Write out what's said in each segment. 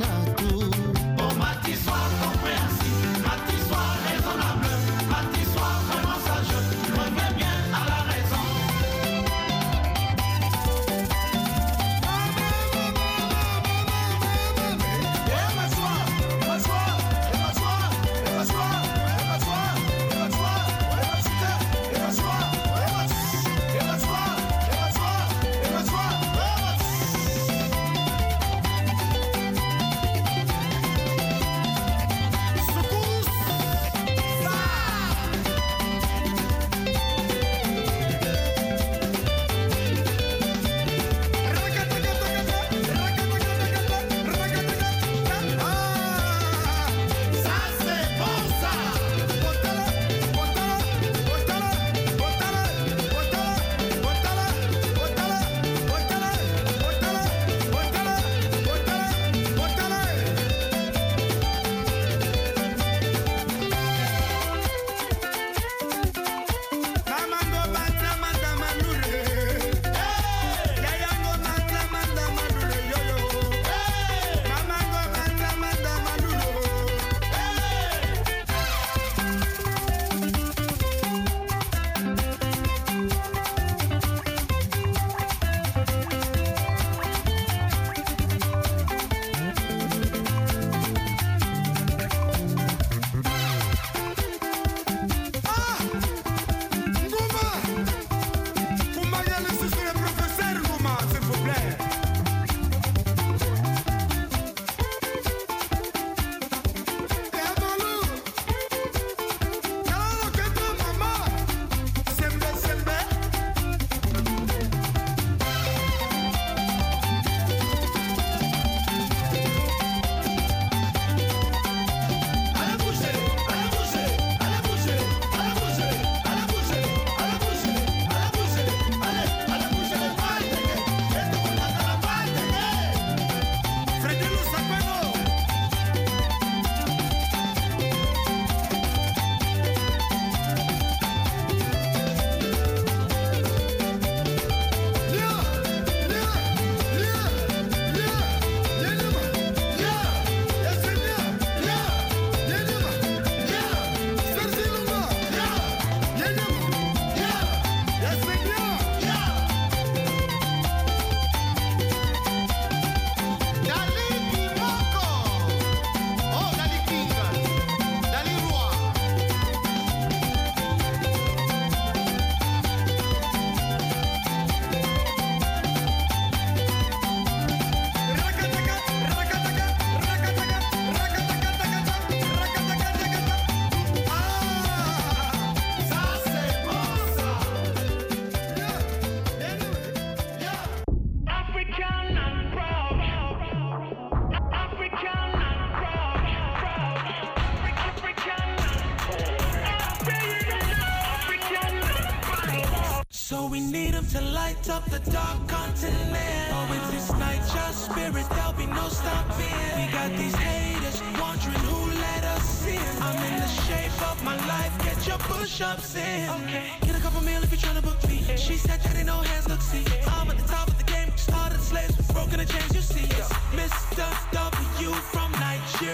cannot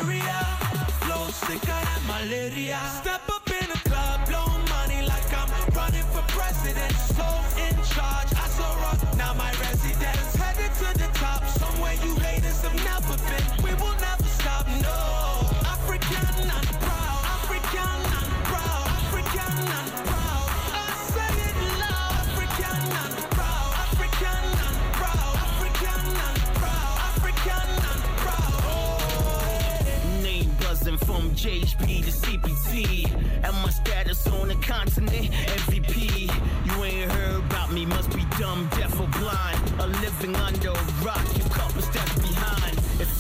area. Flow sicker than malaria. Step up in the club, blow money like I'm running for president. So in charge, I saw rock, now my residence. Headed to the top, somewhere you haters have never been. We will never stop, no. see. And my status on the continent, MVP. You ain't heard about me, must be dumb, deaf, or blind. Or living under a rock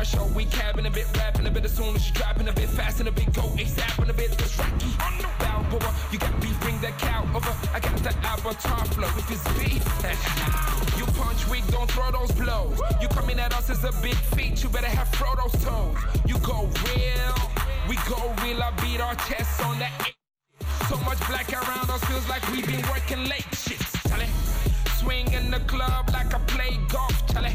pressure. We cabin a bit, rapping a bit as soon as you dropping a bit fast and a bit go ASAP and a bit less rocky. Bow bow, you got beef, bring that cow over. I got the avatar flow with this beef. you punch weak, don't throw those blows. You coming at us as a big feat, you better have Frodo's toes. You go real, we go real. I beat our chests on that. Eight. So much black around us feels like we've been working late. Shit, Charlie. Swing in the club like I play golf, Charlie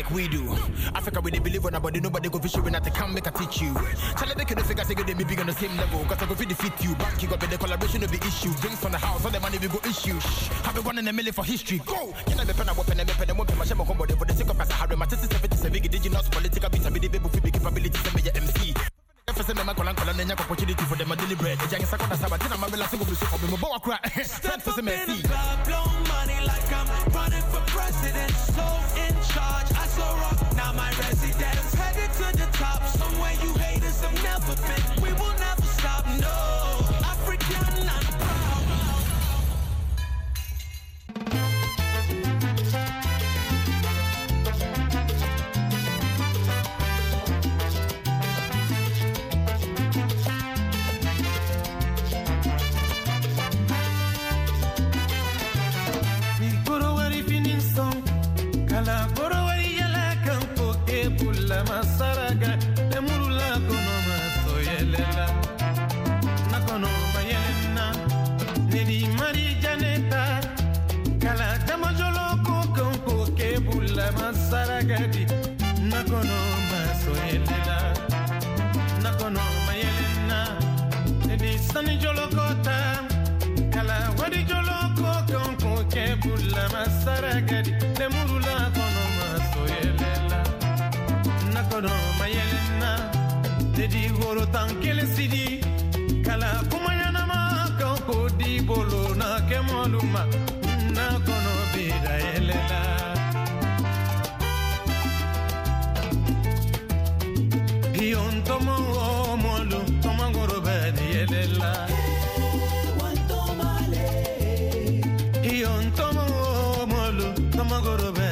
like we do. Africa, we they believe on nobody, nobody go fish you when I can make a teach you. Tell them they can figure, say they be big on the same level. Cause I go feed defeat you. Back you got the collaboration will be issue. Drinks on the house, all the money we go issue. Shh, have been one in a million for history. Go! Can I be pen, I weapon, and pen, and weapon, my shame my combo, for the sake of us, I have my 77 gigas, digital, political, beats, I be the baby, capabilities, and be your MC. I call and and opportunity for them to deliberate. A young second my single for me, Stand for the blow money like I'm running for president. So in charge, I saw rock, now my residence. Headed to the top, somewhere you haters have never been. sidi kala kuma ɲanama kan ko di bolo na kɛ ma na kɔnɔ bi tɔmɔkɔrɔ bɛ tɔmɔkɔrɔ bɛ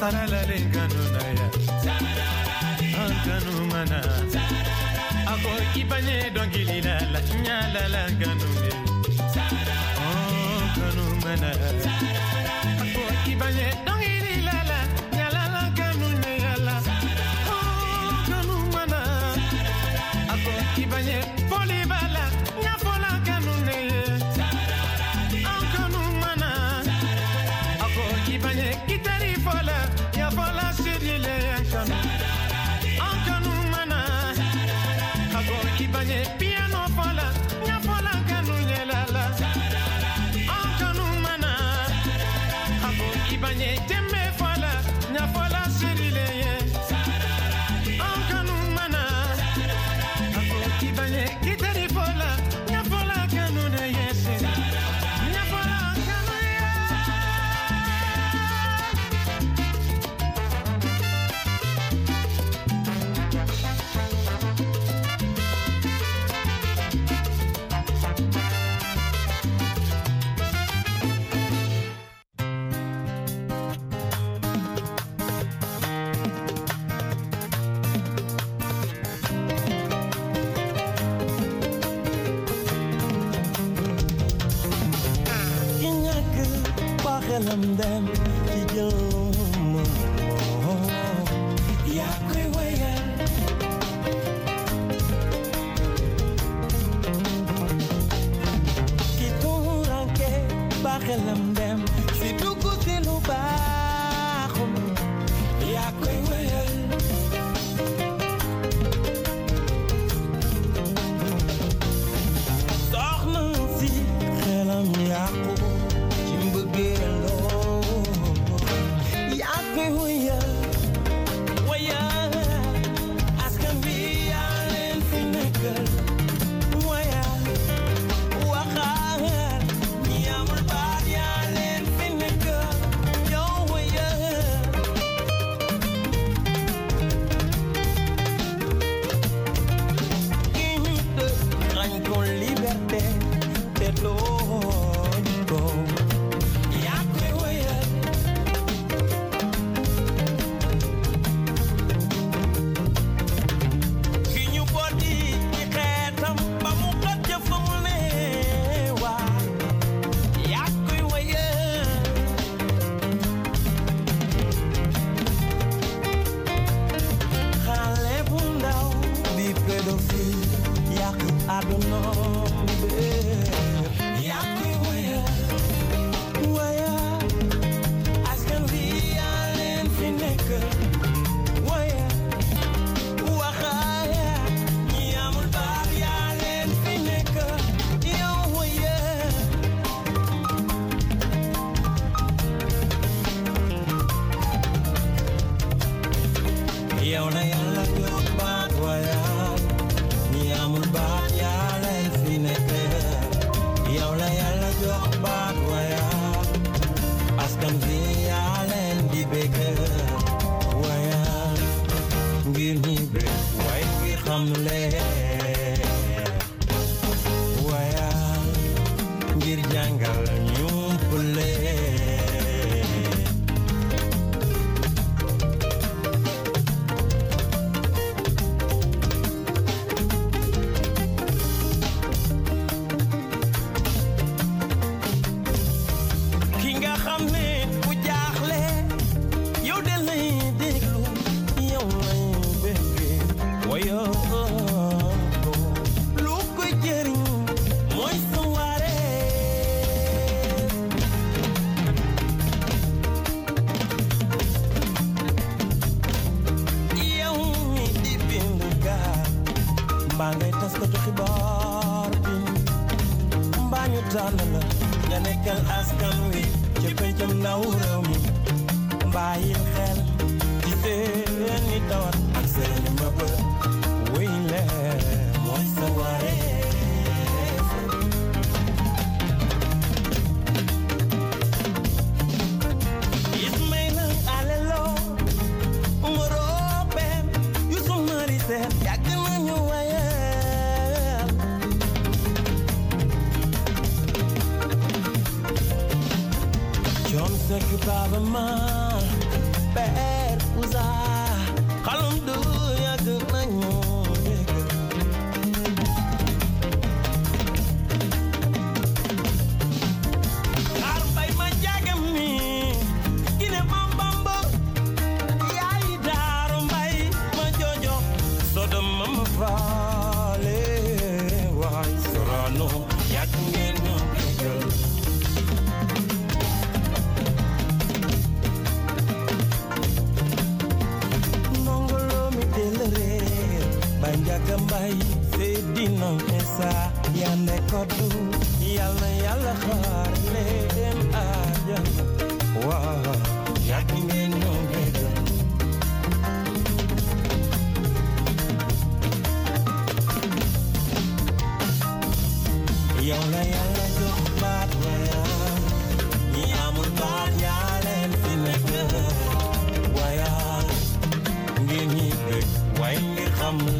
sanalale ngano na ya angano mana akoki banye dongililala la ngano I'm in Sanki baba ma, per usar, kalum du ya gnañu. waay se dina esa yande kodu yalla yalla xaar leen ajana waa yàgg ngeen ñoo bëggal yow la yàlla jox baat waya ñi amul fi ñi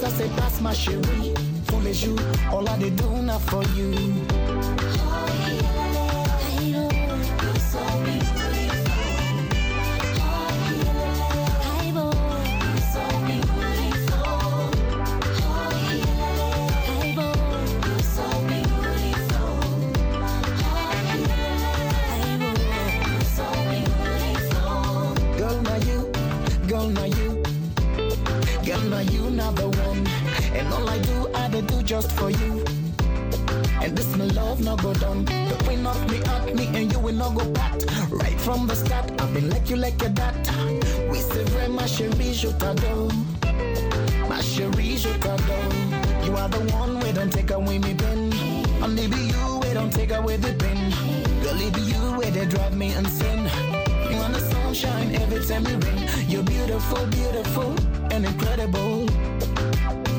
ça say that's ma chérie Tous les jours, all I do now for you oh, yeah. all I do, I do just for you. And this my love no go down. The queen of me at me and you will not go back. Right from the start, I've been like you like a dat. We say very ma chérie, je t'adore. My chérie, je t'adore. You are the one we don't take away me pen. Only be you we don't take away the pen. Girl, it be you where they drive me insane. You want the sunshine every time you rain. You're beautiful, beautiful and incredible.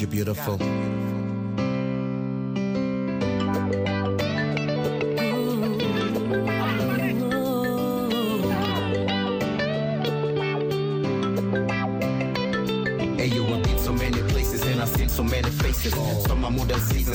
you're beautiful.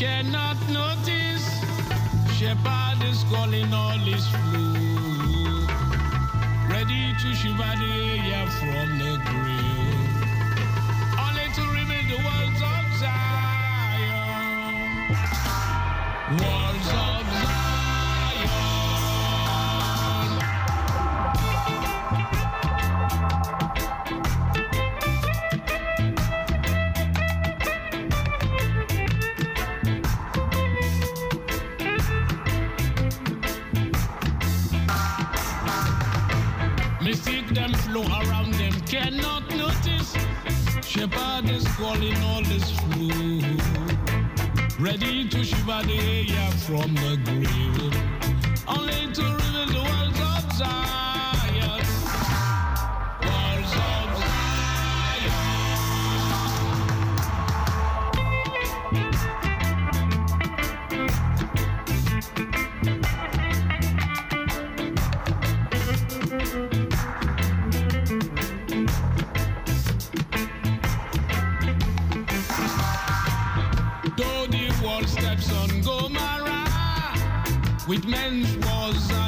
cannot. in all this room, ready to shiver the air from the grave, only to. men's was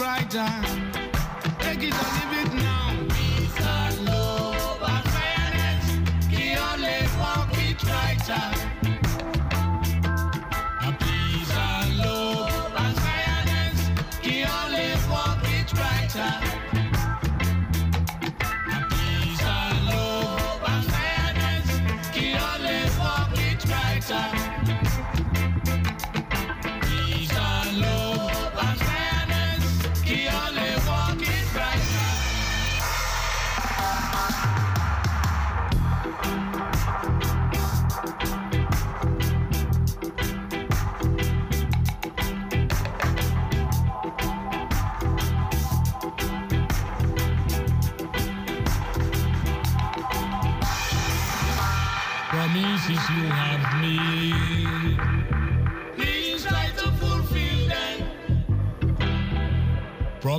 brighter.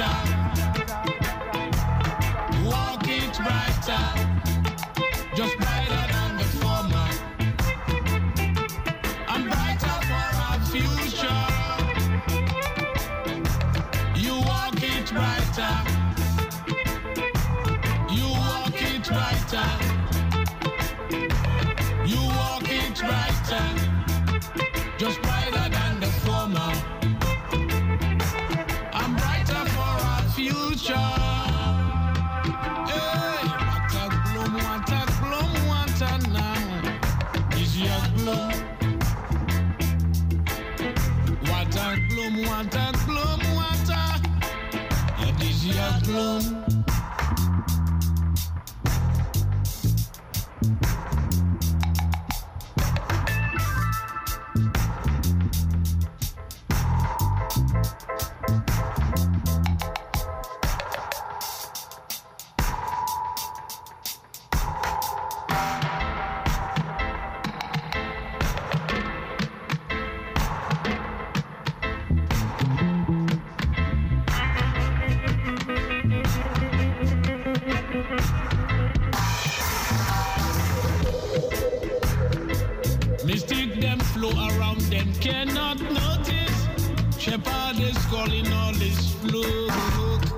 time.